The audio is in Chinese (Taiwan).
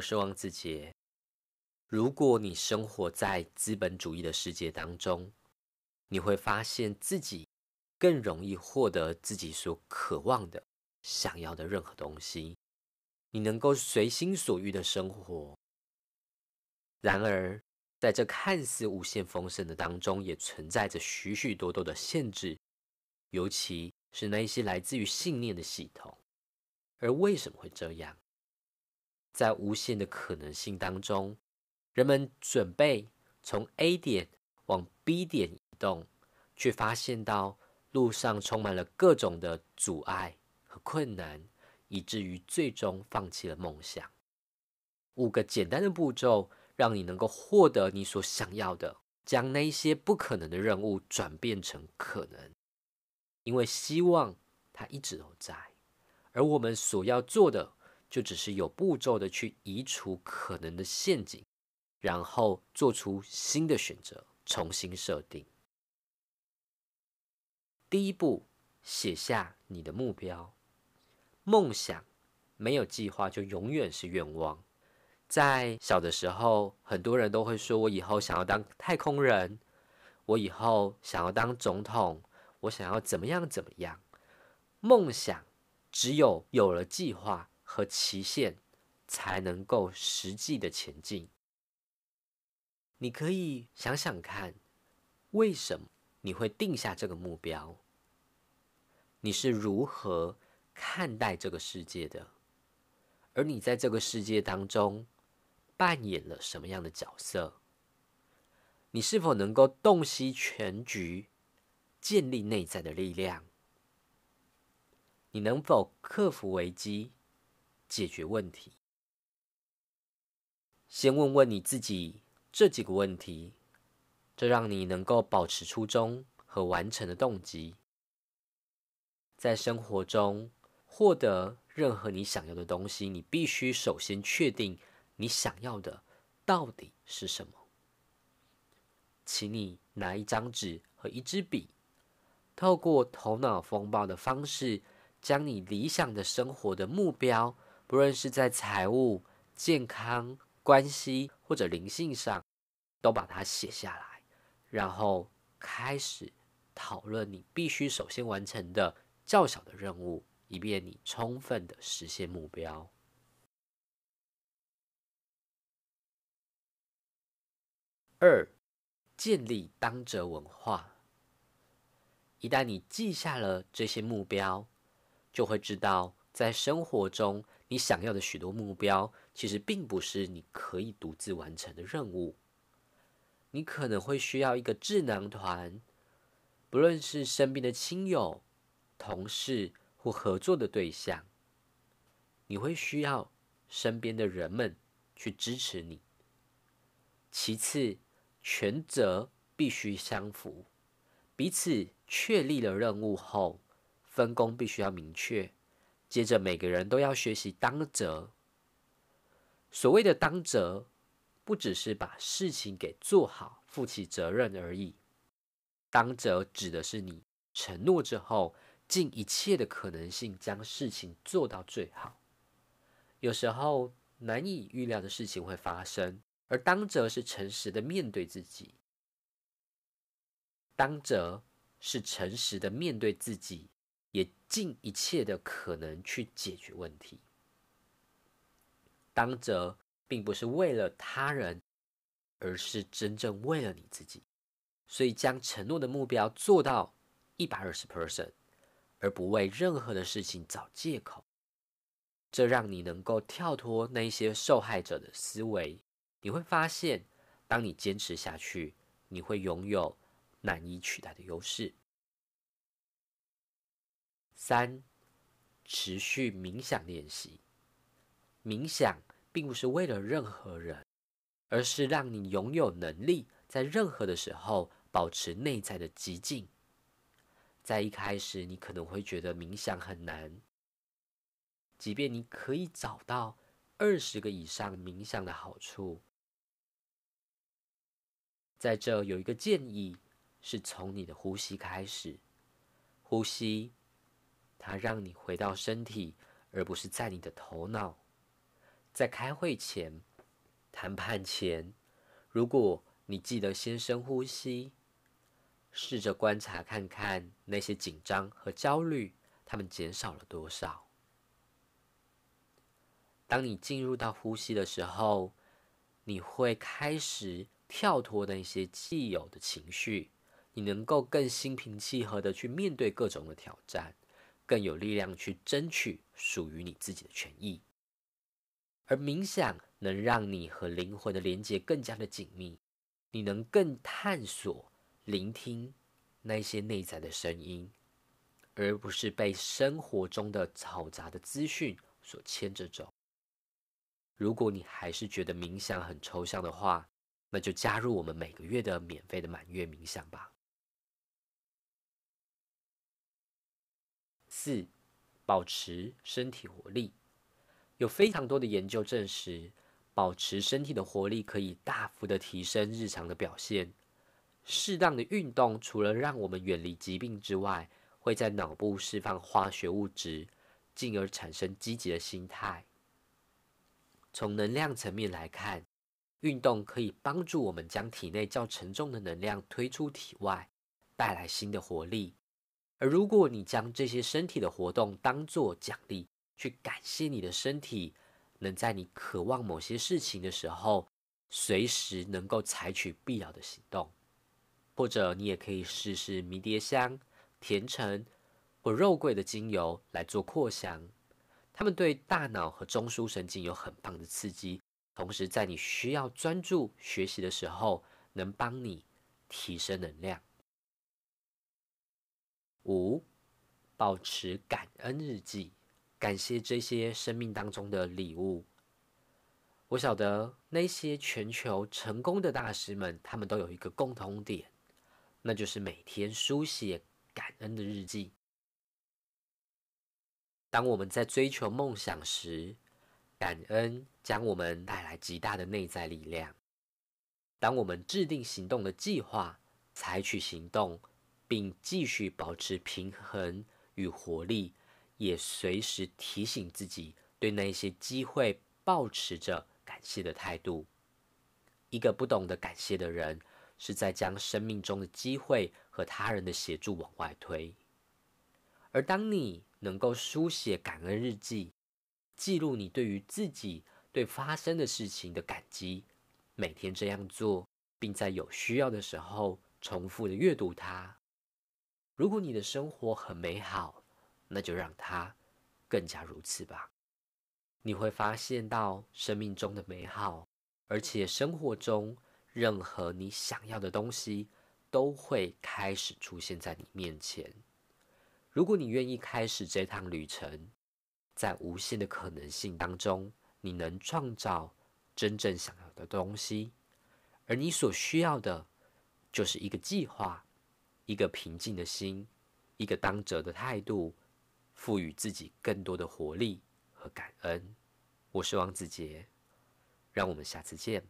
我是王自杰。如果你生活在資本主義的世界當中，你會發現自己更容易獲得自己所渴望的、想要的任何東西，你能夠隨心所欲的生活。然而，在這看似無限豐盛的當中，也存在着許許多多的限制，尤其是那些來自於信念的系統。而為什麼會這樣？在無限的可能性當中，人們準備從 A 點往 B 點移動，卻發現到路上充滿了各種的阻礙和困難，以至於最終放棄了夢想。五個簡單的步驟，讓你能夠獲得你所想要的，將那一些不可能的任務轉變成可能。因為希望它一直都在，而我們所要做的，就只是有步驟的去移除可能的陷阱，然後做出新的選擇，重新設定。第一步，寫下你的目標。夢想沒有計劃就永遠是願望。在小的時候，很多人都會說：“我以後想要當太空人，我以後想要當總統，我想要怎麼樣怎麼樣。”夢想只有有了計劃，和期限，才能夠實際的前進。你可以想想看，為什麼你會定下這個目標？你是如何看待這個世界的？而你在這個世界當中扮演了什麼樣的角色？你是否能夠洞悉全局，建立內在的力量？你能否克服危機？解決問題，先問問你自己這幾個問題，這讓你能夠保持初衷和完成的動機。在生活中獲得任何你想要的東西，你必須首先確定你想要的到底是什麼。請你拿一張紙和一支筆，透過頭腦風暴的方式，將你理想的生活的目標不論是在財務、健康、關係或者靈性上，都把它寫下來，然後開始討論你必須首先完成的較小的任務，以便你充分的實現目標。二、建立當責文化。一旦你記下了這些目標，就會知道。在生活中，你想要的許多目標，其實並不是你可以獨自完成的任務。你可能會需要一個智囊團，不論是身邊的親友、同事或合作的對象，你會需要身邊的人們去支持你。其次，權責必須相符，彼此確立了任務後，分工必須要明確。接着，每個人都要學習當責。所謂的當責，不只是把事情給做好、負起責任而已。當責指的是你承諾之後，盡一切的可能性將事情做到最好。有時候難以預料的事情會發生，而當責是誠實的面對自己。當責是誠實的面對自己。也盡一切的可能去解決問題。當責並不是為了他人，而是真正為了你自己。所以將承諾的目標做到一百二十 percent，而不為任何的事情找借口。這讓你能夠跳脫那些受害者的思維。你會發現，當你堅持下去，你會擁有難以取代的優勢。三，持續冥想練習。冥想並不是為了任何人，而是讓你擁有能力，在任何的時候保持內在的寂靜。在一開始，你可能會覺得冥想很難，即便你可以找到二十個以上冥想的好處。在這有一個建議，是從你的呼吸開始，呼吸。它讓你回到身體，而不是在你的頭腦。在開會前、談判前，如果你記得先深呼吸，試着觀察看看那些緊張和焦慮，它們減少了多少。當你進入到呼吸的時候，你會開始跳脫那些既有的情緒，你能夠更心平氣和地去面對各種的挑戰。更有力量去爭取屬於你自己的權益，而冥想能讓你和靈魂的連接更加的緊密，你能更探索、聆聽那些內在的聲音，而不是被生活中的嘈雜的資訊所牽着走。如果你還是覺得冥想很抽象的話，那就加入我們每個月的免費的滿月冥想吧。四、保持身體活力。有非常多的研究證實，保持身體的活力可以大幅的提升日常的表現。適當的運動除了讓我們遠離疾病之外，會在腦部釋放化學物質，進而產生積極的心態。從能量層面來看，運動可以幫助我們將體內較沉重的能量推出體外，帶來新的活力。而如果你將這些身體的活動當做獎勵，去感謝你的身體，能在你渴望某些事情的時候，隨時能夠採取必要的行動。或者你也可以試試迷迭香、甜橙或肉桂的精油來做擴香，它們對大腦和中樞神經有很棒的刺激，同時在你需要專注學習的時候，能幫你提升能量。五、保持感恩日記，感謝這些生命當中的禮物。我曉得那些全球成功的大師們，他們都有一個共同點，那就是每天書寫感恩的日記。當我們在追求夢想時，感恩將我們帶來極大的內在力量。當我們制定行動的計劃，採取行動。並繼續保持平衡與活力，也隨時提醒自己對那些機會抱持著感謝的態度。一個不懂得感謝的人，是在將生命中的機會和他人的協助往外推。而當你能夠書寫感恩日記，記錄你對於自己對發生的事情的感激，每天這樣做，並在有需要的時候重複地閱讀它。如果你的生活很美好，那就讓它更加如此吧。你會發現到生命中的美好，而且生活中任何你想要的東西都會開始出現在你面前。如果你願意開始這趟旅程，在無限的可能性當中，你能創造真正想要的東西，而你所需要的就是一個計劃。一個平靜的心，一個當責的態度，賦予自己更多的活力和感恩。我是王子杰，讓我們下次見。